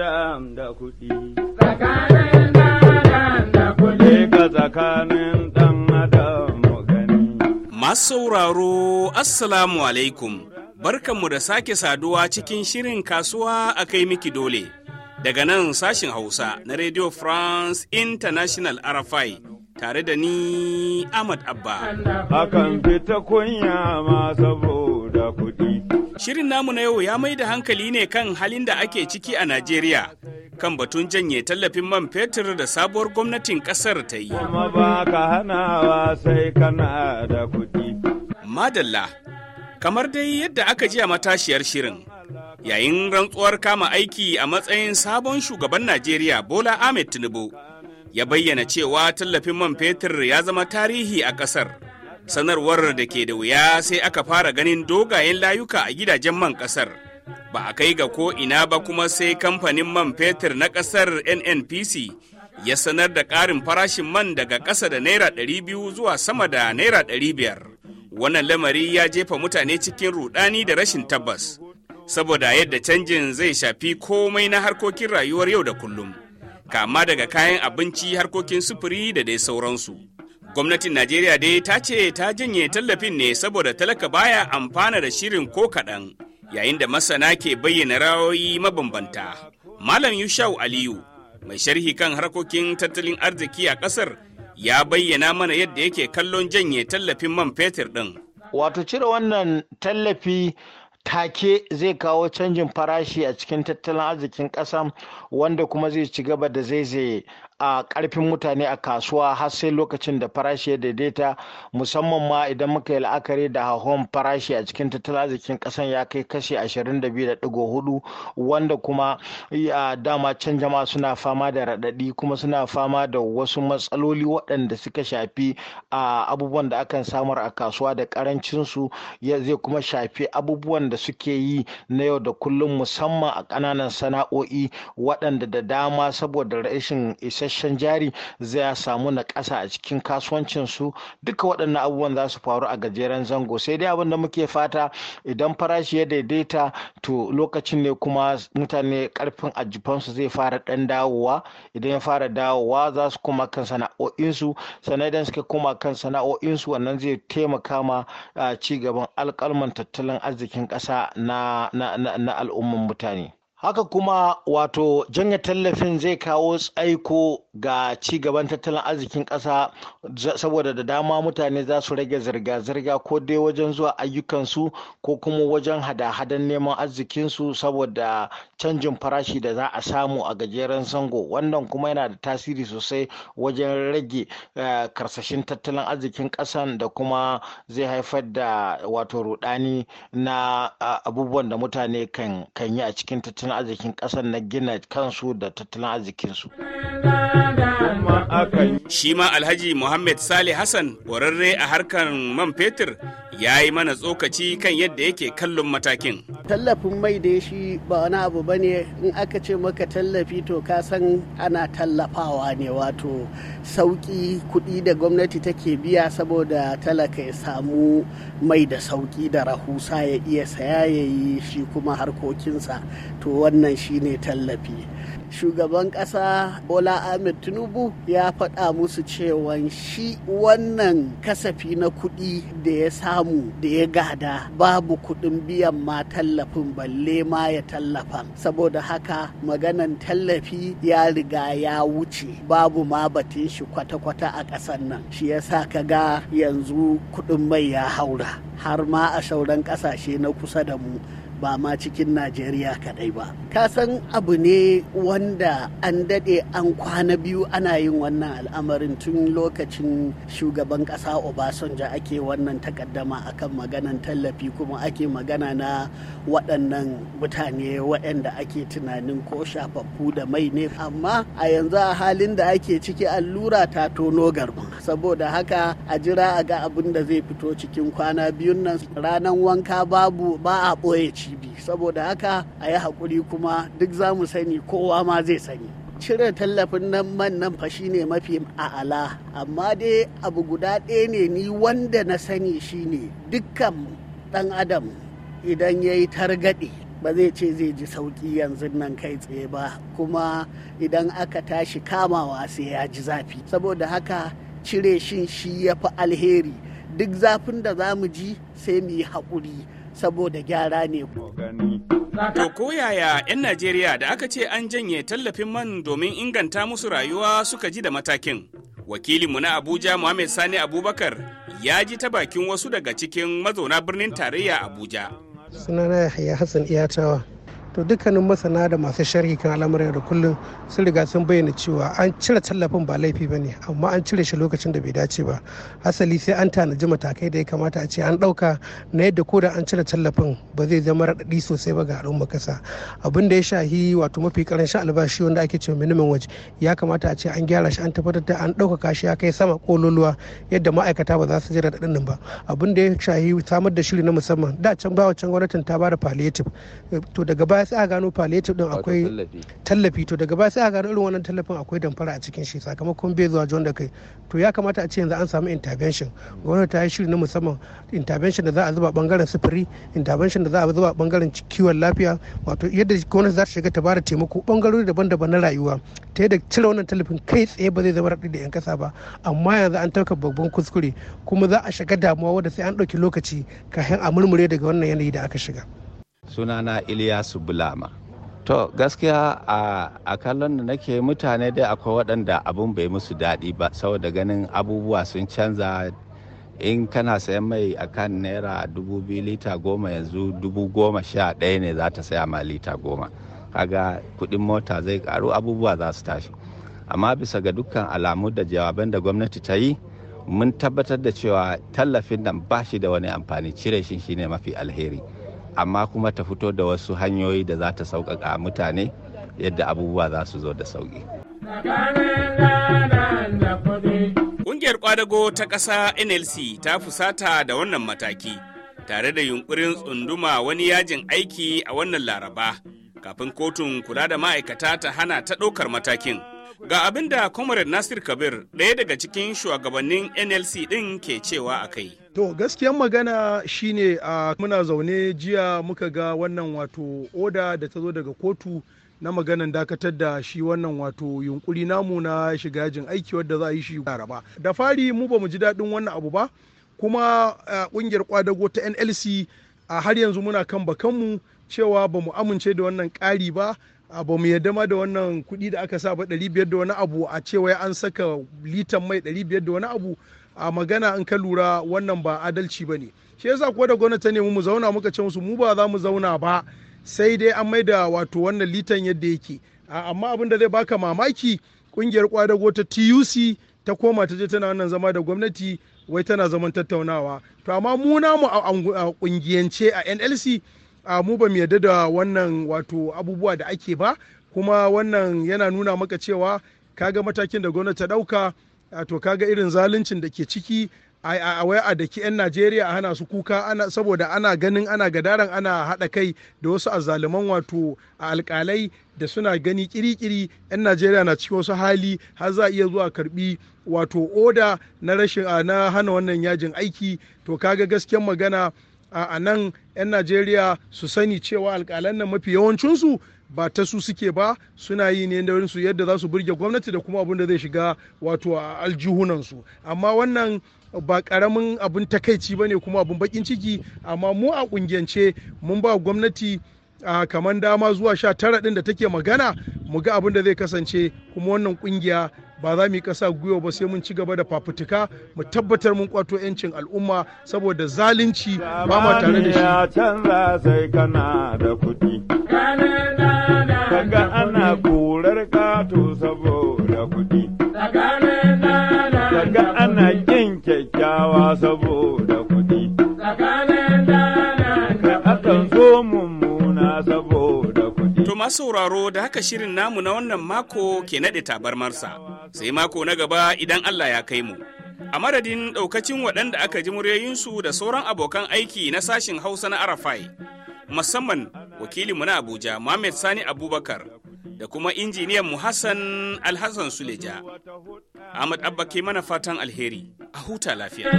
dan da kuɗi. Tsakanin dan da kuɗi. Ka tsakanin dan adam gani. Masu sauraro, Assalamu alaikum. Barkanmu da sake saduwa cikin shirin kasuwa a kai miki dole. Daga nan sashin Hausa na Radio France International RFI tare da ni Ahmad Abba. Akan fita kunya ma saboda kuɗi. Shirin namu na yau ya mai da hankali ne kan halin da ake ciki a Najeriya kan batun janye tallafin man fetur da sabuwar gwamnatin kasar ta yi. Madalla, kamar dai yadda aka ji a matashiyar shirin, yayin rantsuwar kama aiki a matsayin sabon shugaban Najeriya Bola Ahmed Tinubu ya bayyana cewa tallafin man fetur ya zama tarihi a kasar. sanarwar da ke da wuya sai aka fara ganin dogayen layuka a gidajen man kasar ba a kai ga ko ina ba kuma sai kamfanin man fetur na kasar nnpc ya sanar da ƙarin farashin man daga ƙasa da naira 200 zuwa sama da naira 500 wannan lamari ya jefa mutane cikin rudani da rashin tabbas saboda yadda canjin zai shafi komai na harkokin rayuwar yau da kullum kama daga kayan abinci harkokin sufuri da dai sauransu Gwamnatin Najeriya dai ta ce ta janye tallafin ne saboda talaka baya amfana da shirin ko kaɗan yayin da masana ke bayyana ra'ayoyi mabambanta. Malam Yushau Aliyu, mai sharhi kan harkokin tattalin arziki a ƙasar, ya bayyana mana yadda yake kallon janye tallafin man fetur ɗin. Wato cire wannan tallafi take zai kawo canjin farashi a cikin tattalin arzikin ƙasa wanda kuma zai ci gaba da zai a karfin mutane a kasuwa har sai lokacin da farashi ya daidaita musamman ma idan muka yi la'akari da hahon farashi a cikin tattalin arzikin kasan ya kai kashi 22.4 wanda kuma dama can jama'a suna fama da raɗaɗi kuma suna fama da wasu matsaloli waɗanda suka shafi a abubuwan da akan samar a kasuwa da karancinsu zai kuma shafi abubuwan da suke yi na yau da kullum musamman a ƙananan sana'o'i waɗanda da dama saboda rashin isa isasshen jari zai samu na ƙasa a cikin kasuwancinsu duka waɗannan abubuwan za su faru a gajeren zango sai dai abin da muke fata idan farashi ya daidaita to lokacin ne kuma mutane karfin ajifansu zai fara ɗan dawowa idan ya fara dawowa za su koma kan sana'o'insu sannan idan suka koma kan sana'o'insu wannan zai taimaka ma ah, ci gaban alƙalman tattalin arzikin ƙasa na al'umman mutane. haka kuma wato janye tallafin zai kawo tsaiko ga ci gaban tattalin arzikin ƙasa saboda da dama mutane za su rage zirga-zirga ko dai wajen zuwa ayyukansu ko kuma wajen hada-hadan neman arzikinsu saboda canjin farashi da za a samu a gajeren zango wannan kuma yana da tasiri sosai wajen rage eh, karsashin tattalin arzikin ƙasan da kuma zai haifar da wato rudani na abubuwan da mutane kan yi a cikin tattalin arzikin ƙasan na gina kansu da tattalin arzikinsu. Shi ma Alhaji Muhammad Sale Hassan ƙwararre a harkar man fetur ya yi mana tsokaci kan yadda yake kallon matakin. Tallafin mai da shi ba wani abu ba ne in aka ce maka tallafi to ka san ana tallafawa ne wato sauƙi kuɗi da gwamnati take biya saboda talaka ya samu mai da sauki da rahusa ya iya saya ya yi shi kuma harkokinsa to wannan shi ne tallafi. Shugaban ƙasa Bola Ahmed Tinubu ya faɗa musu cewa shi wannan kasafi na kuɗi da ya samu samu da ya gada babu kuɗin biyan ma tallafin balle ma ya tallafa saboda haka maganan tallafi ya riga ya wuce babu ma batun shi kwata-kwata a ƙasan nan shi ya sa ka ga yanzu kuɗin mai ya haura har ma a sauran ƙasashe na kusa da mu ba ma cikin najeriya kadai ba ka san abu ne wanda an daɗe an kwana biyu ana yin wannan al'amarin tun lokacin shugaban ƙasa obasanjo ake wannan takaddama akan maganan tallafi kuma ake magana na waɗannan mutane waɗanda ake tunanin ko shafaffu da mai ne amma a yanzu a halin da ake ciki allura ta tono garba saboda haka a jira a ga abin da zai fito cikin kwana biyun nan ranan wanka babu ba a ɓoye ci. shi bi saboda haka a yi hakuri kuma duk za mu sani kowa ma zai sani cire tallafin nan man nan fashi ne mafi a'ala amma dai abu guda ɗaya ne ni wanda na sani shine dukkan ɗan adam idan ya yi targaɗe ba zai ce zai ji sauƙi yanzu nan kai tsaye ba kuma idan aka tashi kamawa sai ya ji zafi saboda haka cire shin shi ya fi alheri duk zafin da za mu ji sai mu yi haƙuri saboda gyara ne. To ko yaya 'yan Najeriya da aka ce an janye tallafin man domin inganta musu rayuwa suka ji da matakin. Wakilinmu na Abuja Muhammad Sani Abubakar ya ji ta bakin wasu daga cikin mazauna birnin tarayya Abuja. Sunana Yahya Hassan Iyatawa. to dukkanin masana da masu sharhi kan al'amuran da kullum sun riga sun bayyana cewa an cire tallafin ba laifi ba ne amma an cire shi lokacin da bai dace ba asali sai an tanaji matakai da ya kamata a ce an dauka na yadda ko da an cire tallafin ba zai zama raɗaɗi sosai ba ga al'umma kasa abin da ya shahi wato mafi karancin albashi wanda ake cewa minimum wage ya kamata a ce an gyara shi an tabbatar da an dauka kashi ya kai sama kololuwa yadda ma'aikata ba za su ji raɗaɗin nan ba abin da ya shahi samar da shiri na musamman da can bawa can gwamnatin ta ba palliative to daga baya sai a gano palliative din akwai tallafi to daga baya sai a gano irin wannan tallafin akwai damfara a cikin shi sakamakon bai zuwa jon da kai to ya kamata a ce yanzu an samu intervention gwamnati ta yi shiri na musamman intervention da za a zuba bangaren sufuri intervention da za a zuba bangaren kiwon lafiya wato yadda gwamnati za ta shiga ta bada taimako bangarori daban-daban na rayuwa ta yadda cire wannan tallafin kai tsaye ba zai zama raɗi da 'yan kasa ba amma yanzu an tauka babban kuskure kuma za a shiga damuwa wadda sai an ɗauki lokaci kafin a murmure daga wannan yanayi da aka shiga. sunana iliyasu Bulama. To gaskiya a kallon da nake mutane dai akwai waɗanda abun bai musu daɗi ba saboda ganin abubuwa sun canza in kana sayan mai akan naira dubu biyu lita goma yanzu dubu goma sha ɗaya ne za ta saya ma lita goma kaga kuɗin mota zai karu abubuwa za su tashi amma bisa ga dukkan alamu da jawaban da gwamnati ta yi mun tabbatar da cewa tallafin nan ba shi da wani amfani cire shi shine mafi alheri amma kuma ta fito da wasu hanyoyi da za ta sauƙaƙa mutane yadda abubuwa za su zo da sauƙi. Ƙungiyar ƙwadago ta ƙasa NLC ta fusata da wannan mataki tare da yunƙurin tsunduma wani yajin aiki a wannan laraba kafin kotun kula da ma'aikata ta hana ta ɗaukar matakin. Ga abin da Comrade Nasir Kabir ɗaya daga cikin shugabannin NLC ɗin ke cewa a kai. To gaskiyan magana shine a muna zaune jiya muka ga wannan wato oda da ta zo daga kotu na maganan dakatar da shi wannan wato yunkuri namu na shiga yajin aiki wadda za a yi shi ba. Da fari mu ba mu ji daɗin wannan abu ba kuma ƙungiyar kwadago ta NLC a har yanzu muna kan bakan mu cewa ba mu amince da wannan ƙari ba ba mu yarda ma da wannan kuɗi da aka sa ba 500 da wani abu a cewa an saka litan mai 500 da wani abu a magana in ka lura wannan ba adalci ba ne shi yasa kuwa da gwamnati ne nemi mu zauna muka ce musu mu ba za mu zauna ba sai dai an mai da wato wannan litan yadda yake amma abin da zai baka mamaki kungiyar kwadago ta tuc ta koma ta je tana wannan zama da gwamnati wai tana zaman tattaunawa to amma mu namu a kungiyance a nlc mu ba mu yarda da wannan wato abubuwa da ake ba kuma wannan yana nuna maka cewa kaga matakin da gwamnati ta dauka to kaga irin zaluncin da ke ciki a wai a daki 'yan najeriya a hana su kuka saboda ana ganin ana gadaran ana haɗa kai da wasu azzaluman wato a alƙalai da suna gani kirikiri 'yan najeriya na cikin wasu hali har za a iya zuwa karbi wato oda na rashin na hana wannan yajin aiki to kaga gasken magana a nan 'yan najeriya su sani cewa alkalan nan mafi yawancinsu ba ta su suke ba suna yi ne da su yadda za su burge gwamnati da kuma abin da zai shiga wato a aljihunansu amma wannan ba karamin abin takaici ba ne kuma abin bakin ciki amma mu a ƙungiyance mun ba gwamnati a kamar dama zuwa sha tara ɗin da take magana mu ga abin da zai kasance kuma wannan ƙungiya. ba za mu yi ƙasa gwiwa ba sai mun ci gaba da fafutuka mu tabbatar mun kwato 'yancin al'umma saboda zalunci ba ma tare da shi. kana da kuɗi. Kaga ana korar kato saboda kuɗi. Kaga ana yin kyakkyawa saboda kuɗi. Ka akan zo mummuna saboda kuɗi. To masu sauraro da haka shirin namu na wannan mako ke naɗe tabarmarsa. sai mako na gaba idan Allah ya kai mu. A madadin ɗaukacin waɗanda aka ji muryoyinsu da sauran abokan aiki na sashin Hausa na Arafai, musamman wakilinmu na Abuja, Mohammed Sani Abubakar, da kuma injiniyan mu Hassan Alhassan Suleja. Ahmad Abba ke mana fatan alheri, a huta lafiya.